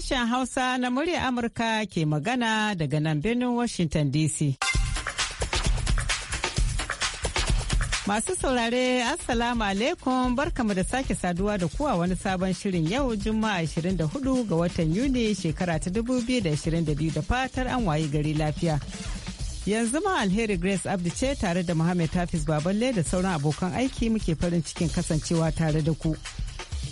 Sashen Hausa na murya Amurka ke magana daga nan birnin Washington DC. Masu saurare Assalamu alaikum barkamu da sake saduwa da kuwa wani sabon shirin yau Juma'a 24 ga watan Yuni shekara ta 2022 da fatar an wayi gari lafiya. Yanzu ma alheri Grace Abdi ce tare da Muhammad Hafiz Baballe da sauran abokan aiki muke farin cikin kasancewa tare da ku.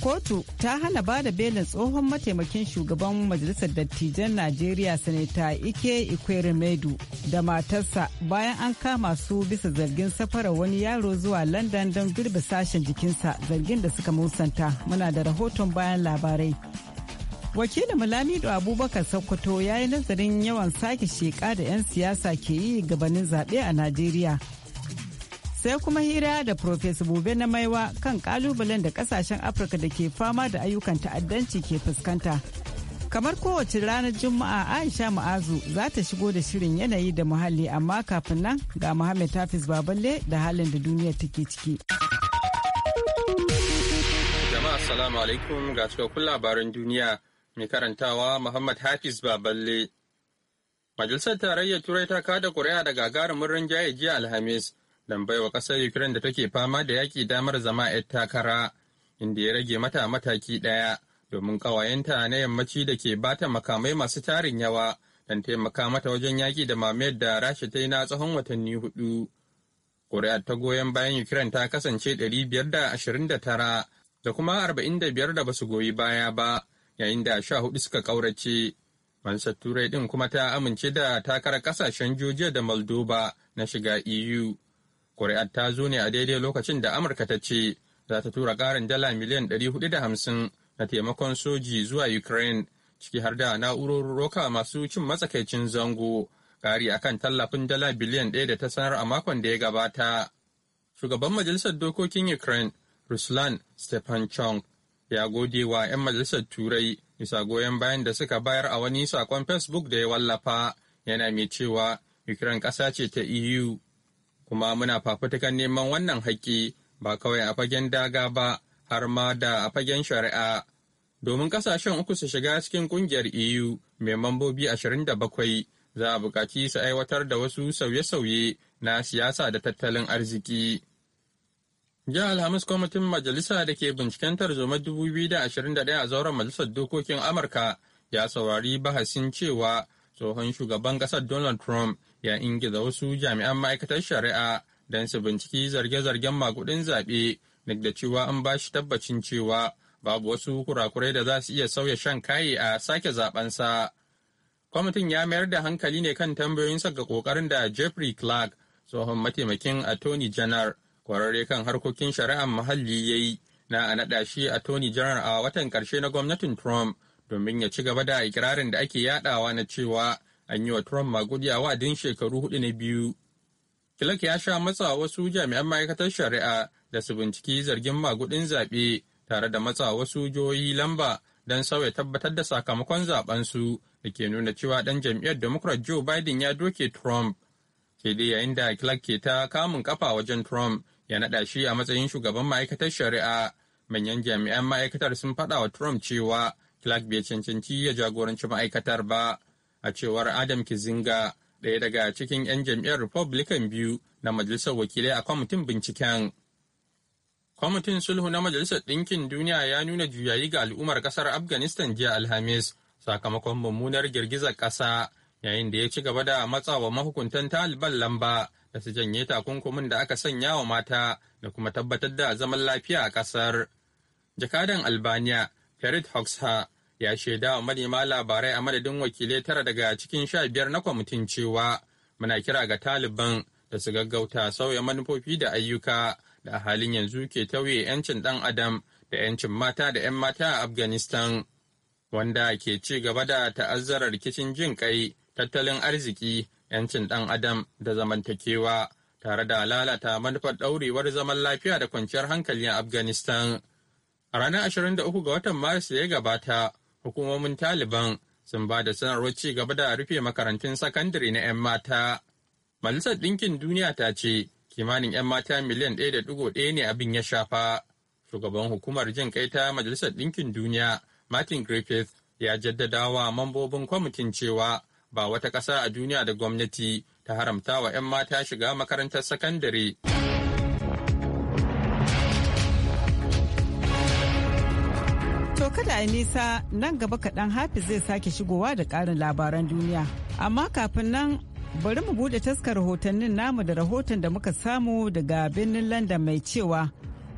kotu ta hana ba da belin tsohon mataimakin shugaban majalisar dattijan najeriya sanata ike ikwere medu da matarsa bayan an kama su bisa zargin safara wani yaro zuwa london don girbe sashen jikinsa zargin da suka musanta muna da rahoton bayan labarai wakilin mulamido abubakar sokoto ya yi nazarin yawan sake sheka da 'yan siyasa ke yi gabanin zaɓe a najeriya sai kuma hira da Profesa Bobe na Maiwa kan kalubalen da kasashen Afirka da ke fama da ayyukan ta'addanci ke fuskanta. Kamar kowace ranar Juma'a Aisha Ma'azu za ta shigo da shirin yanayi da muhalli amma kafin nan ga Muhammad Hafiz Baballe da halin da duniya take ciki. Jama'a Assalamu alaikum ga cikakkun labaran duniya mai karantawa Muhammad Hafiz Baballe. Majalisar Tarayyar Turai ta kada kuri'a da gagarumin rinjaye jiya Alhamis don baiwa ƙasar Ukraine da take fama da yaƙi damar zama 'yar takara, inda ya rage mata mataki ɗaya domin ƙawayenta na yammaci da ke bata makamai masu tarin yawa don taimaka mata wajen yaƙi da mamayar da Rasha ta yi na tsawon watanni hudu. Ƙuri'ar ta goyon bayan Ukraine ta kasance ɗari 529 da da tara kuma 45 da basu goyi baya ba, yayin da sha hudu suka ƙaurace. mansa Turai ɗin kuma ta amince da takarar ƙasashen Georgia da Moldova na shiga EU. Kuri'ar ta zo ne a daidai lokacin da Amurka ta ce za ta tura ƙarin dala miliyan 450 na taimakon soji zuwa Ukraine ciki har da na'urorin roka masu cin matsakaicin zango ƙari akan tallafin dala biliyan ɗaya da ta sanar a makon da ya gabata. Shugaban Majalisar Dokokin Ukraine Ruslan Stefan Chong ya gode wa 'yan Majalisar Turai bisa goyon bayan da suka bayar a wani sakon Facebook da ya wallafa yana mai cewa Ukraine ƙasa ce ta EU kuma muna fafutukan neman wannan haƙƙi ba kawai a fagen daga ba har ma da a fagen shari'a. Domin kasashen uku su shiga cikin ƙungiyar EU mai mambobi 27 za a buƙaci su aiwatar da wasu sauye-sauye na siyasa da tattalin arziki. Ya Alhamis kwamitin majalisa da ke binciken tarzoma 2021 a zauren majalisar dokokin Amurka ya saurari bahasin cewa tsohon shugaban ƙasar Donald Trump ya ingiza wasu jami'an ma'aikatar shari'a don su binciki zarge-zargen makudin zaɓe duk da cewa an ba shi tabbacin cewa babu wasu kurakurai da za su iya sauya shan kaye a sake zaɓensa. Kwamitin ya mayar da hankali ne kan tambayoyinsa ga ƙoƙarin da Jeffrey Clark, tsohon mataimakin Attorney General, kwararre kan harkokin shari'ar muhalli ya yi na a naɗa shi Attorney General a watan ƙarshe na gwamnatin Trump domin ya ci gaba da ikirarin da ake yaɗawa na cewa an yi wa Trump magudi a wa'adin shekaru hudu na biyu. Clark ya sha matsa wasu jami'an ma'aikatar shari'a da su binciki zargin magudin zaɓe tare da matsa wasu jihohi lamba don sauya tabbatar da sakamakon su da ke nuna cewa ɗan jam'iyyar Democrat Joe Biden ya doke Trump. Ke dai yayin da Clark ke ta kamun kafa wajen Trump ya naɗa shi a matsayin shugaban ma'aikatar shari'a. Manyan jami'an ma'aikatar sun faɗa wa Trump cewa Clark bai cancanci ya jagoranci ma'aikatar ba. a cewar Adam Kizinga ɗaya daga cikin 'yan jam'iyyar Republican biyu na Majalisar Wakilai a kwamitin binciken. Kwamitin sulhu na Majalisar Ɗinkin Duniya ya nuna juyayi ga al'ummar ƙasar Afghanistan jiya Alhamis sakamakon mummunar girgizar ƙasa yayin da ya ci gaba da matsawa mahukuntan Taliban lamba da su janye takunkumin da aka sanya wa mata da kuma tabbatar da zaman lafiya a ƙasar. Jakadan Albania, Ferit Hoxha, ya shaida wa manema labarai a madadin wakilai tara daga cikin sha biyar na kwamitin cewa muna kira ga taliban da su gaggauta sauya manufofi da ayyuka da halin yanzu ke tauye 'yancin ɗan adam da 'yancin mata da 'yan mata a afghanistan wanda ke ci gaba da ta'azzarar rikicin jin kai tattalin arziki 'yancin ɗan adam da zamantakewa tare da lalata manufar daurewar zaman lafiya da kwanciyar hankali a afghanistan a ranar 23 ga watan maris da ya gabata hukumomin Taliban sun ba da sanarwar ci gaba da rufe makarantun sakandare na 'yan mata. Majalisar Ɗinkin Duniya ta ce kimanin 'yan mata miliyan 1.1 ne abin ya shafa. Shugaban hukumar jin kai ta Majalisar Ɗinkin Duniya, Martin Griffith, ya jaddada wa mambobin kwamitin cewa ba wata ƙasa a duniya da gwamnati ta haramta wa 'yan mata shiga makarantar sakandare. kada a nisa nan gaba kaɗan hafiz zai sake shigowa da ƙarin labaran duniya. Amma kafin nan bari mu buɗe taskar rahotannin namu da rahoton da muka samu daga birnin London mai cewa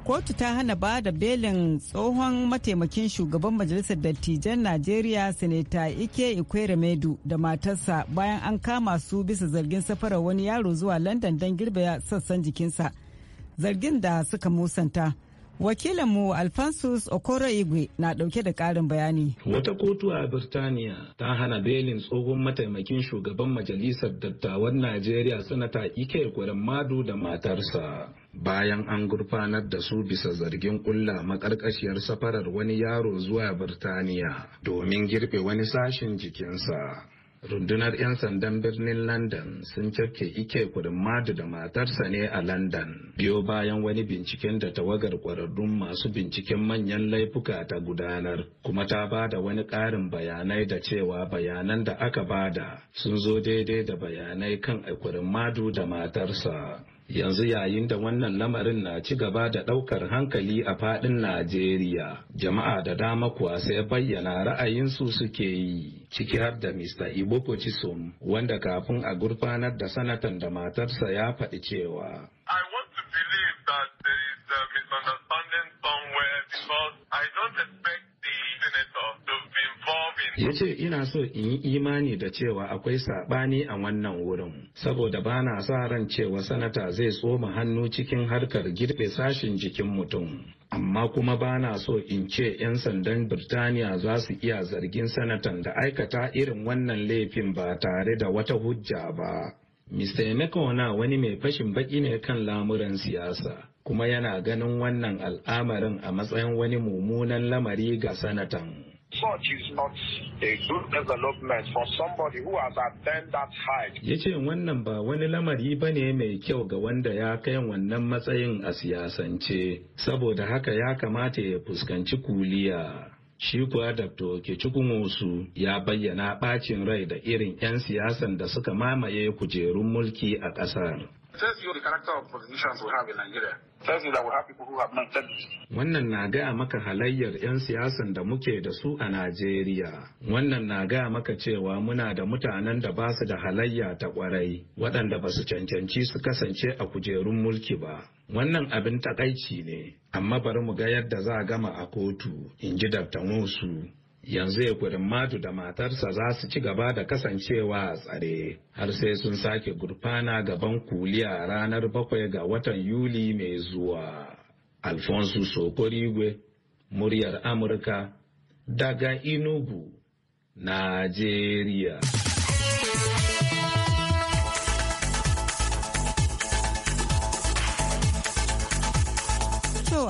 kotu ta hana ba da belin tsohon mataimakin shugaban majalisar dattijan najeriya sinita ike ikweremedu da matarsa bayan an kama su bisa zargin safarar wani yaro zuwa london don girbe sassan jikinsa zargin da suka musanta. Wakilinmu Alphonsus Okoro Igwe na ɗauke da ƙarin bayani. Wata kotu a Birtaniya ta hana belin tsohon mataimakin shugaban majalisar dattawan Najeriya sanata Ike Madu da matarsa. Bayan an gurfanar da su bisa zargin ƙulla maƙarƙashiyar safarar wani yaro zuwa Birtaniya domin girbe wani sashen jikinsa. rundunar 'yan sandan birnin london sun cafke ike madu da matarsa ne a london biyo bayan wani binciken da tawagar kwararrun masu binciken manyan laifuka ta gudanar kuma ta ba da wani ƙarin bayanai da cewa bayanan da aka ba da, sun zo daidai da bayanai kan madu da matarsa yanzu yayin da wannan lamarin na ci gaba da ɗaukar hankali a faɗin najeriya jama'a da dama kuwa sai bayyana ra'ayinsu suke yi ciki har da Mr. Ibo Pochisum wanda kafin a gurfanar da sanatan da matarsa ya faɗi cewa. I want to believe that there is a misunderstanding somewhere because I don't expect ya ce ina so in yi imani da cewa akwai saɓani a wannan wurin saboda ba na sa ran cewa sanata zai tsoma hannu cikin harkar girbe sashin jikin mutum amma kuma ba na so in ce 'yan sandan birtaniya za su iya zargin sanatan da aikata irin wannan laifin ba tare da wata hujja ba Mr. na wani mai fashin baki ne kan lamuran siyasa, kuma yana ganin wannan al'amarin a matsayin wani mummunan lamari ga sanatan. Such is not a good development for somebody who has attained that height. Ya ce wannan ba wani lamari ba ne mai kyau ga wanda ya kai wannan matsayin a siyasance, saboda haka ya kamata ya fuskanci kuliya. Shi kuwa Dr. wasu, ya bayyana ɓacin rai da irin 'yan siyasan da suka mamaye kujerun mulki a ƙasar. Wannan na gaya maka halayyar 'yan siyasan da muke da su a Najeriya. Wannan na gaya maka cewa muna da mutanen da ba su da halayya ta kwarai, waɗanda ba su cancanci su kasance a kujerun mulki ba. Wannan abin takaici ne, amma bari mu ga yadda za a gama a kotu, in ji Dr. Musu. yanzu ya Ekwerin Matu da matarsa za su ci gaba da kasancewa a tsare har sai sun sake gurfana gaban kuliya ranar bakwai ga watan Yuli mai zuwa. Alfonso Sokorigwe, muryar Amurka, daga Inugu, Najeriya.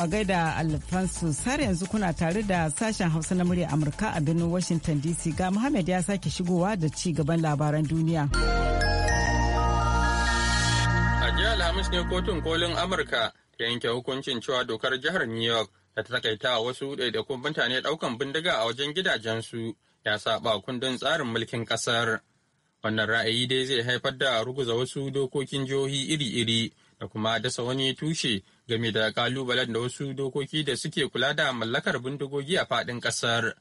a gaida alfansu har yanzu kuna tare da sashen Hausa na murya Amurka a birnin Washington DC ga Muhammad ya sake shigowa da ci gaban labaran duniya. A jiya Alhamis ne kotun kolin Amurka ta yanke hukuncin cewa dokar jihar New York da ta takaita wasu ɗaiɗaikun mutane ɗaukan bindiga a wajen gidajensu ya saba kundin tsarin mulkin ƙasar. Wannan ra'ayi dai zai haifar da ruguza wasu dokokin jihohi iri-iri da kuma dasa wani tushe game da kalubalen da wasu dokoki da suke kula da mallakar bindigogi a faɗin ƙasar.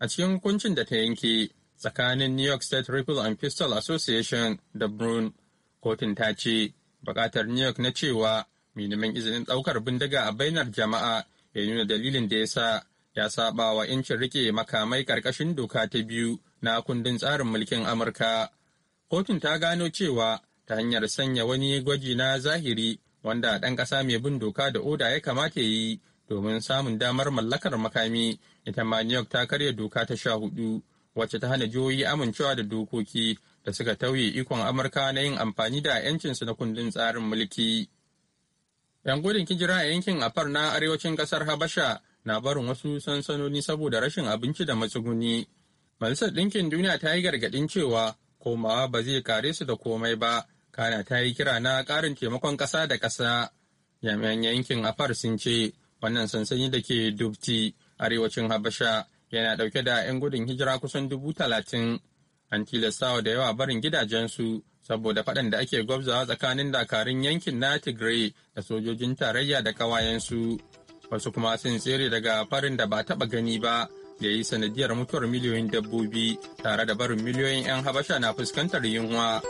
A cikin hukuncin da ta yanke tsakanin New York State Rifle and Pistol Association da Brun, kotun ta ce buƙatar New York na cewa mai izinin ɗaukar bindiga a bainar jama'a ya nuna dalilin da ya sa ya saba wa incin rike makamai ƙarƙashin doka ta biyu na kundin tsarin mulkin Amurka. Kotun ta gano cewa ta hanyar sanya wani gwaji na zahiri wanda ɗan ƙasa mai bin doka da oda ya kamata ya yi domin samun damar mallakar makami ita ma new york ta karya doka ta sha hudu wacce ta hana jihohi amincewa da dokoki da suka tauye ikon amurka na yin amfani da 'yancinsu na kundin tsarin mulki yan gudun kijira a yankin afar na arewacin kasar habasha na barin wasu sansanoni saboda rashin abinci da matsuguni majalisar ɗinkin duniya ta yi gargaɗin cewa komawa ba zai kare su da komai ba Kana ta yi kira na ƙarin taimakon ƙasa da ƙasa. Jami'an yankin Afar sun ce wannan sansani da ke Dubti arewacin Habasha yana ɗauke da 'yan gudun hijira kusan dubu talatin. An tilastawa da yawa barin gidajensu saboda faɗan da ake gwabzawa tsakanin dakarun yankin na Tigray da sojojin tarayya da ƙawayensu. Wasu kuma sun tsere daga farin da ba taɓa gani ba da yi sanadiyar mutuwar miliyoyin dabbobi tare da barin miliyoyin 'yan Habasha na fuskantar yunwa.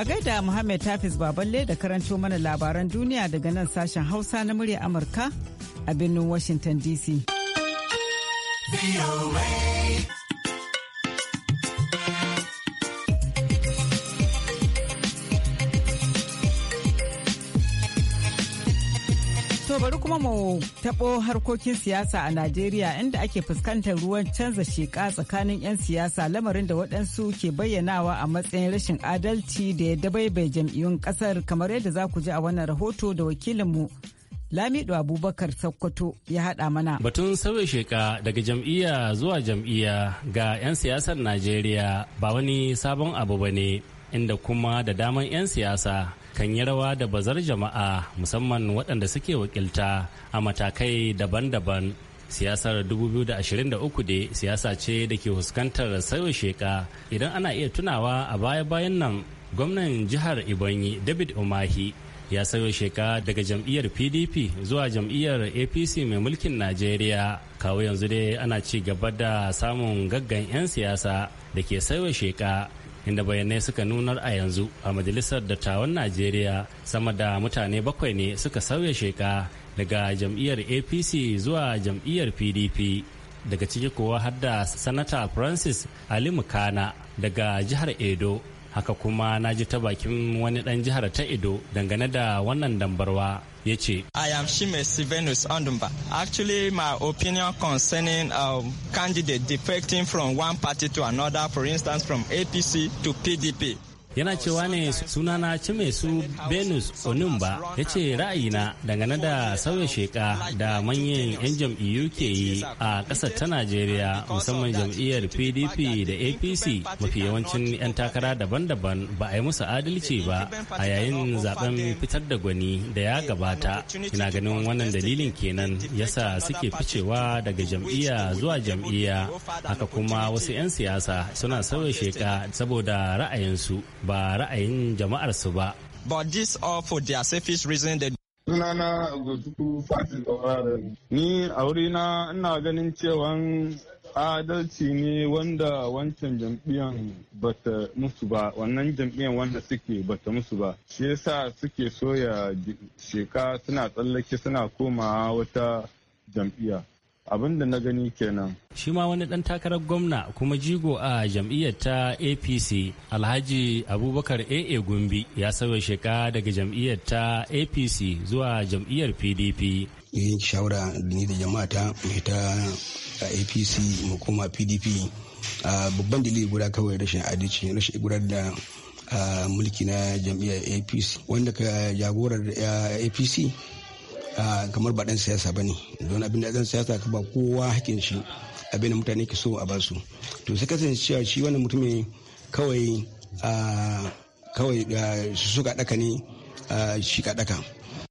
A gaida Muhammad Tafis Baballe da karanto mana labaran duniya daga nan sashen Hausa na murya Amurka a birnin Washington DC. kuma mu taɓo harkokin siyasa a Najeriya inda ake fuskantar ruwan canza sheka tsakanin 'yan siyasa lamarin da waɗansu ke bayyanawa a matsayin rashin adalci da ya dabaibai jam'iyyun kasar kamar yadda za ku ji a wannan rahoto da wakilinmu Lamido Abubakar Sokoto ya haɗa mana. Batun sauya sheka daga jam'iyya zuwa jam'iyya ga 'yan siyasar Najeriya ba wani sabon abu ba ne, inda kuma da daman 'yan siyasa kan yi rawa da bazar jama'a musamman waɗanda suke wakilta a matakai daban-daban siyasar 2023 da siyasa ce da ke fuskantar sauya sheka idan ana iya tunawa a baya-bayan nan gwamnan jihar ibonyi david umahi ya sayo sheka daga jam'iyyar pdp zuwa jam'iyyar apc mai mulkin najeriya kawo yanzu dai ana ci gaba da samun gaggan 'yan siyasa da ke sayo sheka inda bayanai suka nunar a yanzu a majalisar dattawan najeriya sama da mutane bakwai ne suka sauya sheka daga jam'iyyar apc zuwa jam'iyyar pdp daga ciki kowa har da sanata francis ali mukana daga jihar edo haka kuma na ji ta bakin wani dan jihar ta edo dangane da wannan dambarwa I am Shime Sivenus Ondumba. Actually my opinion concerning um, candidate defecting from one party to another for instance from APC to PDP yana cewa ne sunana su Benus onimba ya ce ra'ayina dangane da sauya sheka da manyan 'yan jam'iyyu ke yi a ƙasar ta Najeriya musamman jam'iyyar PDP da APC mafi yawancin 'yan takara daban-daban ba a yi musu adalci ba a yayin zaben fitar da gwani da ya gabata. Ina ganin wannan dalilin kenan yasa suke ficewa daga jam'iyya zuwa jam'iyya haka kuma wasu 'yan siyasa suna sauya sheka saboda ra'ayinsu. ba ra'ayin jama'arsu ba. But this all for their selfish reason that sunana gotuku fatin tauraron ni a wurina ina ganin cewan adalci ne wanda wancan jam'iyyar bata musu ba wannan jam'iyyar wanda suke bata musu ba shi yasa suke soya sheka suna tsallake suna komawa wata jam'iyya abin da na gani kenan. Shi ma wani ɗan takarar gwamna kuma jigo a jam'iyyar ta APC Alhaji Abubakar AA Gumbi ya sauya sheka daga jam'iyyar ta APC zuwa jam'iyyar PDP. Yin shawara ni da jama'ata mu ta APC mu koma PDP babban dalili guda kawai rashin adalci rashin gudanar da mulki na jam'iyyar APC wanda ka jagorar APC kamar ba dan siyasa ba ne don abin da dan siyasa ka ba kowa hakin shi abin da mutane ke so a basu to sai kasancewa shi wannan mutumin kawai ah, kawai ah, suka daka ne ah, shi ka daka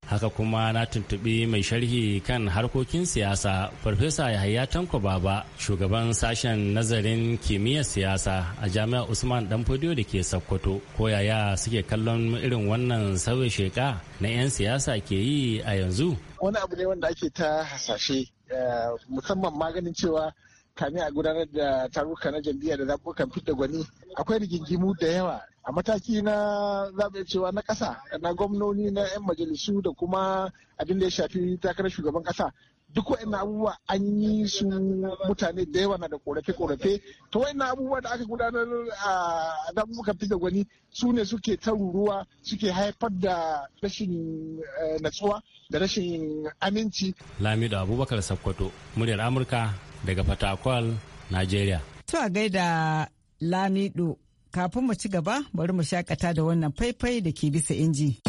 haka kuma na tuntubi mai sharhi kan harkokin siyasa farfesa yahaya tanko baba shugaban sashen nazarin kimiyyar siyasa a jami'ar usman dan fodiyo da ke sokoto ko yaya suke kallon irin wannan sauya sheka na 'yan siyasa ke yi a yanzu wani abu ne wanda ake ta hasashe eh, musamman maganin cewa kamin a gudanar da taruka na jam'iyya da zaɓuɓɓukan fitar gwani akwai rigingimu da yawa a mataki na zaɓe cewa na ƙasa na gwamnoni na 'yan majalisu da kuma abin da ya shafi takarar shugaban ƙasa duk wa'in abubuwa an yi su mutane da yawa na da korafe-korafe to wa'in abubuwa da aka gudanar a zaɓuɓɓukan fidda gwani su ne suke taruruwa suke haifar da rashin eh, natsuwa da rashin aminci lamido abubakar sakkwato muryar amurka daga fatakwal nigeria to a gaida lamido kafin mu ci gaba bari mu shakata da wannan faifai da ke bisa inji.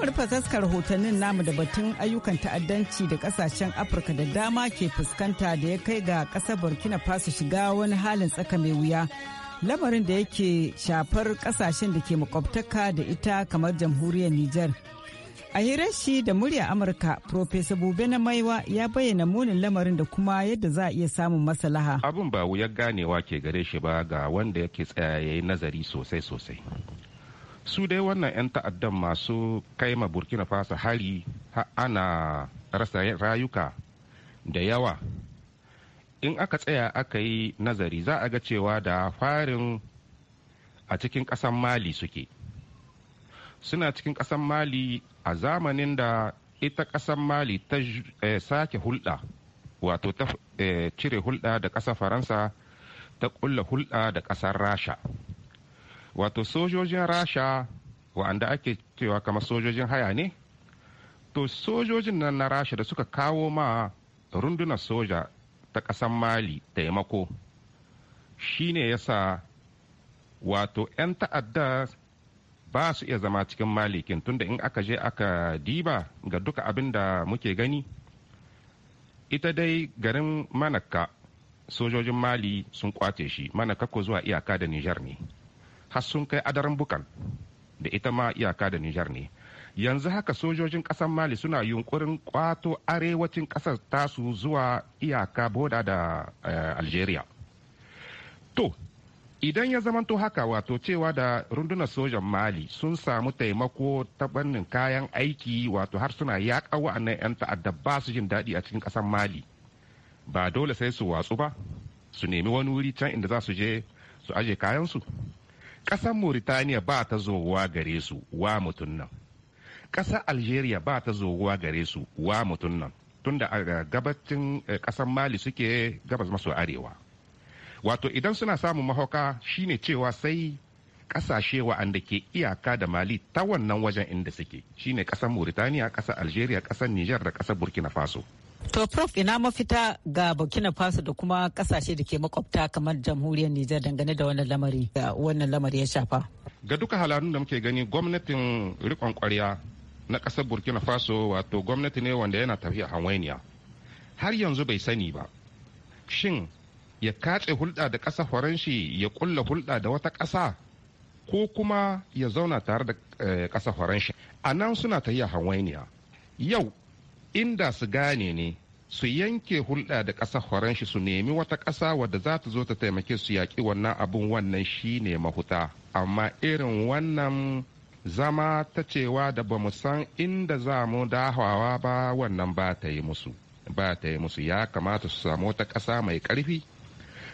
bari fasaskar hotannin namu da batun ayyukan ta'addanci da kasashen afirka da dama ke fuskanta da ya kai ga kasar burkina faso shiga wani halin tsaka mai wuya lamarin da yake shafar kasashen da ke makwabtaka da ita kamar jamhuriyar niger a hirar shi da murya amurka profesa bube na maiwa ya bayyana munin lamarin da kuma yadda za a iya samun masalaha abin ba wuyar ganewa ke gare shi ba ga wanda yake tsayaye nazari sosai sosai su dai wannan 'yan ta'addan masu kai ma burkina faso hari ana rasa rayuka da yawa in aka tsaya aka yi nazari za a ga cewa da farin a cikin ƙasan mali suke suna cikin ƙasan mali a zamanin da ita ƙasan mali ta eh, sake hulɗa wato ta eh, cire hulɗa da ƙasar faransa ta ƙulla hulɗa da ƙasar rasha wato sojojin rasha wa'anda ake cewa kamar sojojin haya ne to sojojin nan na rasha da suka kawo ma rundunar soja ta ƙasar mali taimako shine sa wato 'yan ta'adda ba su iya zama cikin malikin tunda in aka je aka diba ga duka abin da muke gani ita dai garin manaka sojojin mali sun kwace shi manaka ko zuwa iyaka da nijar ne har sun kai adaran bukan da ita ma iyaka da nijar ne yanzu haka sojojin ƙasar mali suna yunkurin ƙwato arewacin ƙasar tasu zuwa iyaka boda da eh, algeria to idan ya zamanto haka wato cewa da rundunar sojan mali sun samu taimako ta bannin kayan aiki wato har suna yaƙa wa'annan 'yan ta'adda ba su jin daɗi a cikin ƙasar mali ba dole sai su watsu ba su nemi wani wuri can inda za su je su aje kayansu ƙasar mauritaniya ba ta zowa gare su wa mutum nan ƙasar algeria ba ta zowa gare su wa mutum nan tunda a gabacin eh, ƙasar mali suke gabas maso arewa wato idan suna samun mahauka shine cewa sai ƙasashe wa'anda ke iyaka da mali ta wannan wajen inda suke shine ƙasar mauritaniya ƙasar algeria ƙasar niger da ƙasar burkina faso To Prof ina mafita ga Burkina Faso da kuma kasashe da ke makwabta kamar jamhuriyar Nijar dangane da wannan lamari da wannan lamari ya shafa. Ga duka halarun da muke gani gwamnatin rikon kwarya na kasar Burkina Faso wato gwamnati ne wanda yana tafiya hawainiya. Har yanzu bai sani ba. Shin ya katse hulɗa da ƙasa Faranshi ya kulla hulɗa da wata ƙasa ko kuma ya zauna tare da eh, ƙasa Faranshi. A nan suna tafiya hawainiya. Yau inda su gane ne su yanke hulɗa da ƙasa ƙasar shi su nemi wata ƙasa wadda za ta zo ta taimake su yaƙi wannan abun wannan shi ne mahuta amma irin wannan zama ta cewa da ba mu san inda za mu dahawa ba wannan ba ta yi musu ba ta yi musu ya kamata su samu wata ƙasa mai ƙarfi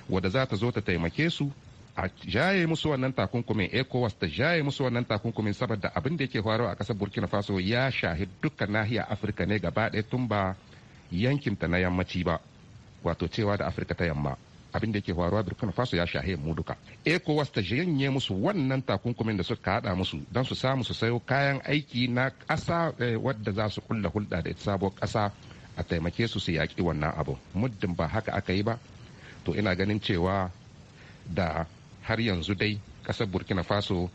wadda za ta zo ta taimake su a jaye musu wannan takunkumin ecowas ta jaye musu wannan takunkumin saboda abin da yake faruwa a kasar burkina faso ya shahi dukkan nahiya afirka ne gaba ɗaya tun ba yankin ta na yammaci ba wato cewa da afirka ta yamma abin da yake faruwa burkina faso ya shahi mu duka ecowas ta janye musu wannan takunkumin da suka hada musu don su samu su sayo kayan aiki na ƙasa eh, wadda za su kulla hulɗa da sabuwar ƙasa a taimake su su yaƙi wannan abu muddin ba haka aka yi ba to ina ganin cewa da har yanzu dai kasar burkina faso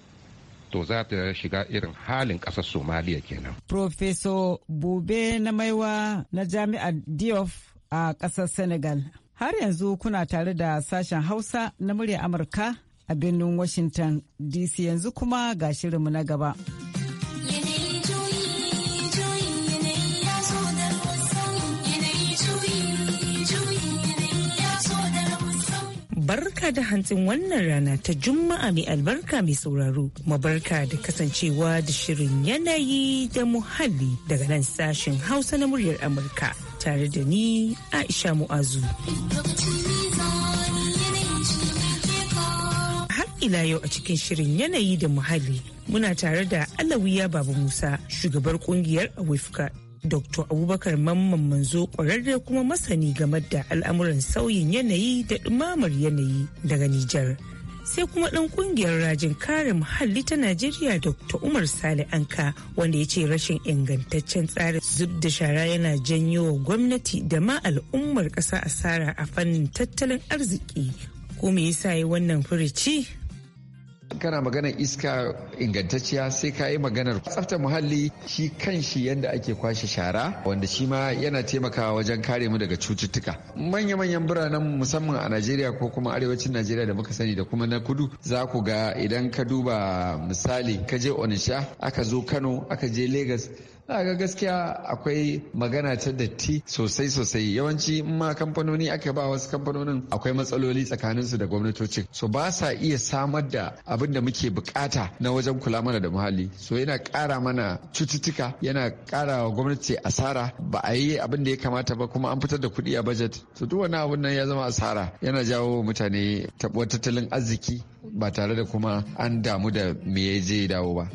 to za ta shiga irin halin kasar somaliya kenan professor bobe na maiwa na jami'ar diof a kasar senegal har yanzu kuna tare da sashen hausa na murya amurka a birnin washington dc yanzu kuma ga shirinmu na gaba. barka da hantsin wannan rana ta Juma'a mai albarka mai sauraro. mabarka da kasancewa da shirin yanayi da muhalli daga nan sashen Hausa na muryar Amurka tare da ni Aisha Mu'azu. Har ila yau a cikin shirin yanayi da muhalli muna tare da Alawiya Babu Musa shugabar kungiyar Awifka Dr. Abubakar Mamman Manzo ƙwararre kuma masani game da al'amuran sauyin yanayi da ɗumamar yanayi daga Nijar. Sai kuma ɗan ƙungiyar rajin kare muhalli ta Najeriya Dr. Umar Sale Anka wanda ya ce rashin ingantaccen tsarin zub da shara yana janyo gwamnati da ma al'ummar ƙasa asara a fannin tattalin arziki. Ko me yasa yi wannan furici? kana maganar iska ingantacciya sai ka yi maganar tsafta muhalli shi kan shi yadda ake kwashe shara wanda shi ma yana taimakawa wajen kare mu daga cututtuka manya-manyan biranen musamman a najeriya ko kuma arewacin najeriya da muka sani da kuma na kudu za ku ga idan ka duba misali ka je onisha aka zo kano aka je legas. za ga gaskiya akwai magana ta datti sosai sosai yawanci in ma kamfanoni aka ba wasu kamfanonin akwai matsaloli tsakanin su da gwamnatoci so ba sa iya samar da abin da muke bukata na wajen kula mana da muhalli so yana kara mana cututtuka yana kara wa gwamnati asara ba a yi abin da ya kamata ba kuma an fitar da kuɗi a budget so duk wani abun nan ya zama asara yana jawo mutane taɓuwar tattalin arziki ba tare da kuma an damu da me ya je dawo ba.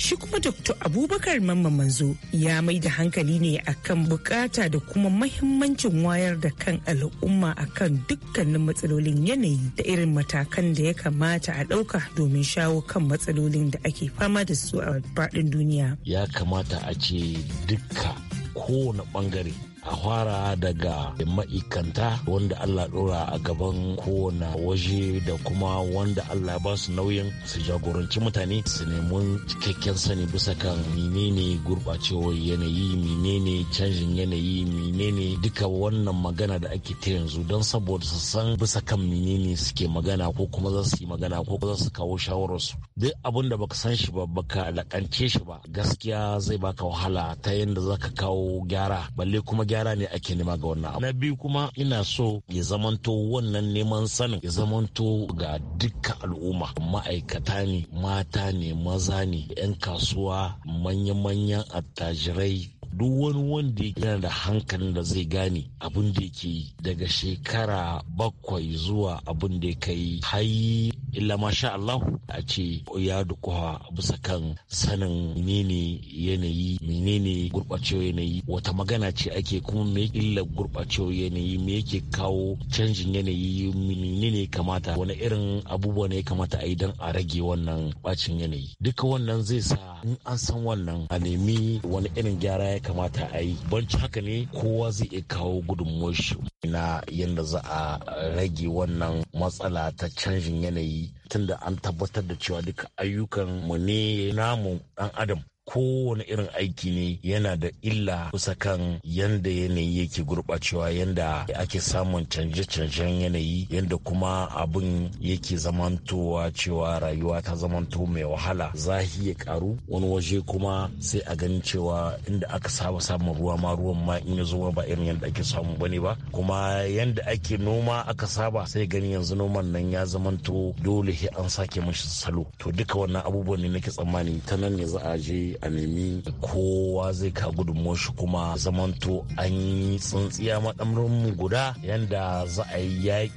Shi kuma Dr. Abubakar Mamman Manzo ya mai da hankali ne akan bukata da kuma mahimmancin wayar da kan al'umma akan dukkanin matsalolin yanayi da irin matakan da ya kamata a ɗauka domin shawo kan matsalolin da ake fama da su a faɗin duniya. Ya kamata a ce dukka kowane ɓangare a fara daga ma'ikanta wanda allah dora a gaban kowane waje da kuma wanda allah ba su nauyin su jagoranci mutane su nemi cikakken sani bisa kan menene gurbacewar yanayi menene canjin yanayi menene duka wannan magana da ake ta yanzu don saboda su san bisa kan menene suke magana ko kuma za su yi magana ko kuma za su kawo shawararsu duk abin da baka san shi ba baka lakance shi ba gaskiya zai baka wahala ta yadda zaka kawo gyara balle kuma gyara ne ake nema ga wannan abu na biyu kuma ina so ya zamanto wannan neman sanin ya zamanto ga dukkan al'umma ma'aikata ne mata ne maza ne 'yan kasuwa manya-manyan attajirai duk wani wanda yana da hankalin da zai gane abin da yake yi daga shekara bakwai zuwa abin da ya kai hayi illa masha Allah a ce ya dukuwa bisa kan sanin menene yanayi menene gurɓacewa yanayi wata magana ce ake kuma me illa gurɓacewa yanayi me yake kawo canjin yanayi menene kamata wani irin abubuwa ne kamata a yi don a rage wannan bacin yanayi duka wannan zai sa in an san wannan a nemi wani irin gyara ya ya kamata a yi banci haka ne kowa zai iya kawo gudunmuwar shi na yadda za a rage wannan matsala ta canjin yanayi tunda an tabbatar da cewa duka ayyukan mu ne namu dan adam kowane irin aiki ne yana da illa kusa kan yanda yanayi yake gurɓacewa yanda ake samun canje-canjen yanayi yanda kuma abin yake zamantowa cewa rayuwa ta zamanto mai wahala zahi ya karu wani waje kuma sai a ganin cewa inda aka saba samun ruwa ma ruwan ma in ya zo ba irin yadda ake samu bane ba kuma yanda ake noma aka saba sai gani yanzu noman nan ya zamanto dole sai an sake mashi salo to duka wannan abubuwan ne nake tsammani ta nan ne za a je a nemi kowa zai ka gudunmuwar shi kuma zamanto an yi tsintsiya mu guda yanda za a yi yaƙi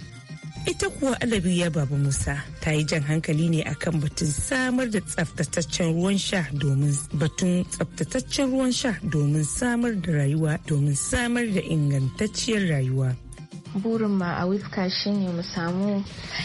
ita kuwa alabiya baba musa ta yi jan hankali ne akan batun samar da tsaftataccen ruwan sha domin batun tsaftataccen ruwan sha domin samar da rayuwa domin samar da ingantacciyar rayuwa burin ma a wifka shine mu samu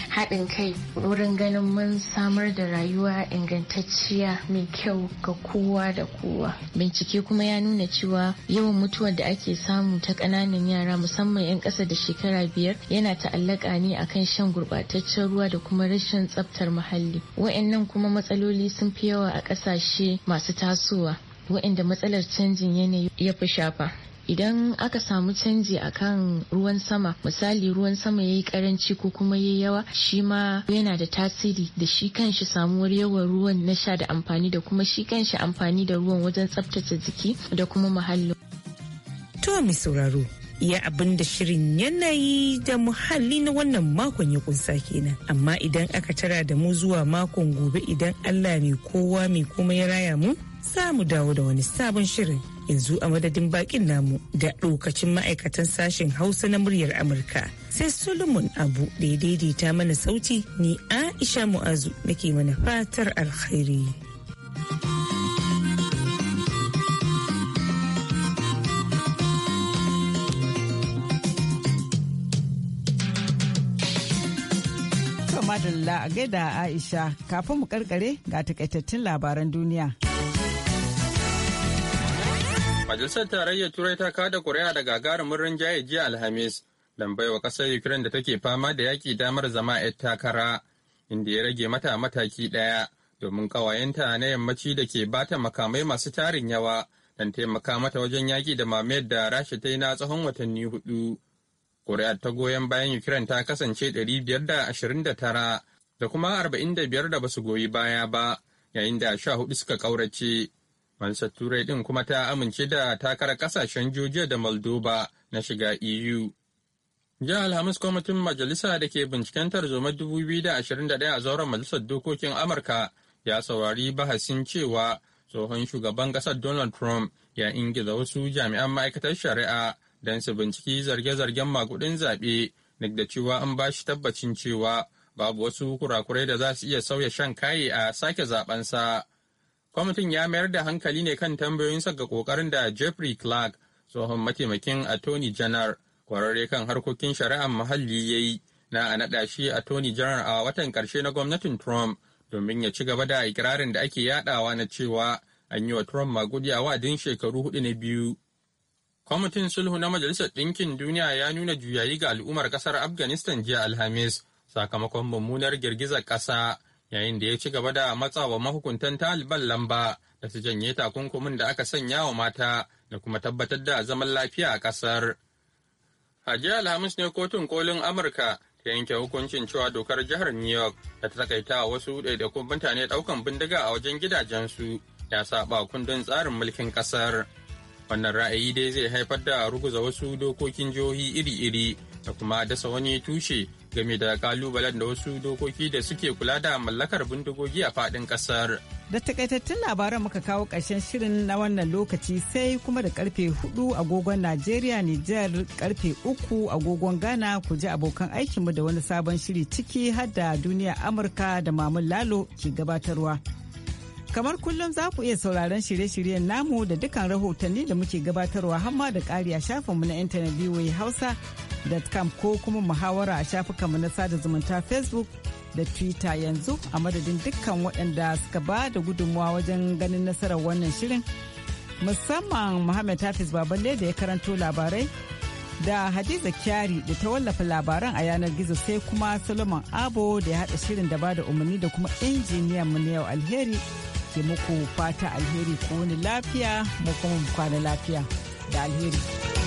haɗin kai wurin ganin mun samar da rayuwa ingantacciya mai kyau ga kowa da kowa bincike kuma ya nuna cewa yawan mutuwar da ake samu ta ƙananan yara musamman 'yan ƙasa da shekara biyar yana ta'allaka ne akan shan gurɓataccen ruwa da kuma rashin tsaftar muhalli wa'annan kuma matsaloli sun fi yawa a ƙasashe masu tasowa waɗanda matsalar canjin yanayi ya fi shafa idan aka samu canji a kan ruwan sama misali ruwan sama ya yi karanci ko kuma yayi yawa shi ma yana da tasiri da shi kanshi samuwar yawan ruwan na sha da amfani da kuma shi kanshi amfani da ruwan wajen tsabtace jiki da kuma muhalli. To mai sauraro iya abin da shirin yanayi da muhalli na wannan makon ya kunsa kenan amma idan aka tara da mu zuwa makon gobe idan Allah mai kowa mai kuma ya raya mu za mu dawo da wani sabon shirin yanzu a madadin bakin namu da lokacin ma'aikatan sashen hausa na muryar amurka sai solomon abu da ya daidaita mana sauti ni aisha mu'azu nake mana fatar alkhairi madalla a gaida aisha kafin mu karkare ga takaitattun labaran duniya Majalisar Tarayyar Turai ta kada kuri'a da gagarumin rinjaye jiya Alhamis lambaiwa baiwa ƙasar Ukraine da take fama da yaƙi damar zama 'yar takara, inda ya rage mata mataki ɗaya domin ƙawayenta na yammaci da ke bata makamai masu tarin yawa don taimaka mata wajen yaƙi da mamayar da Rasha ta yi na tsawon watanni hudu. Kuri'ar ta goyon bayan Ukraine ta kasance ɗari 529 da da tara kuma 45 da basu goyi baya ba, yayin da sha hudu suka ƙaurace. Fansar Turai din kuma ta amince da takarar kasashen Georgia da Moldova na shiga EU. ja Alhamis kwamitin majalisa da ke binciken tarzoma 2021 a zauren majalisar dokokin Amurka ya saurari bahasin cewa tsohon shugaban ƙasar Donald Trump ya ingiza wasu jami'an ma'aikatar shari'a don su binciki zarge-zargen makudin zaɓe duk da cewa an ba shi tabbacin cewa babu wasu kurakurai da za su iya sauya shan kaye a sake zaɓensa. sa. kwamitin ya mayar da hankali ne kan tambayoyinsa ga kokarin da jeffrey clark tsohon mataimakin attorney general kwararre kan harkokin shari'ar muhalli ya yi na a naɗa shi attorney general a watan karshe na gwamnatin trump domin ya ci gaba da ikirarin da ake yadawa na cewa an yi wa trump magudi a wadin shekaru hudu na biyu kwamitin sulhu na majalisar ɗinkin duniya ya nuna juyayi ga al'ummar ƙasar afghanistan jiya alhamis sakamakon mummunar girgizar ƙasa yayin da ya ci gaba da matsawa mahukuntan taliban lamba da su janye takunkumin da aka sanya wa mata da kuma tabbatar da zaman lafiya a ƙasar. jiya Alhamis ne kotun kolin Amurka ta yanke hukuncin cewa dokar jihar New York da ta takaita wasu ɗaiɗaikun mutane ɗaukan bindiga a wajen gidajensu ya saba kundin tsarin mulkin ƙasar. Wannan ra'ayi dai zai haifar da ruguza wasu dokokin jihohi iri-iri da kuma dasa wani tushe game da kalubalen da wasu dokoki da suke kula da mallakar bindigogi a fadin kasar. Da takaitattun labaran muka kawo ƙarshen shirin na wannan lokaci sai kuma da karfe 4 agogon Najeriya Nijar karfe 3 agogon Ghana ku ji abokan aikinmu da wani sabon shiri ciki har da duniya Amurka da Mamun Lalo ke gabatarwa. Kamar kullum za ku iya sauraron shirye-shiryen namu da dukkan rahotanni da muke gabatarwa hamma da ƙari a shafinmu na intanet biyu Hausa. facebook.com ko kuma muhawara a shafukanmu na sada zumunta facebook da twitter yanzu a madadin dukkan waɗanda suka ba da gudunmawa wajen ganin nasarar wannan shirin musamman muhammad hafiz baballe da ya karanto labarai da hadiza kyari da ta wallafa labaran a yanar gizo sai kuma solomon abo da ya haɗa shirin da ba da umarni da kuma injiniyan mu na yau alheri ke muku fata alheri ko wani lafiya mu kuma kwana lafiya da alheri.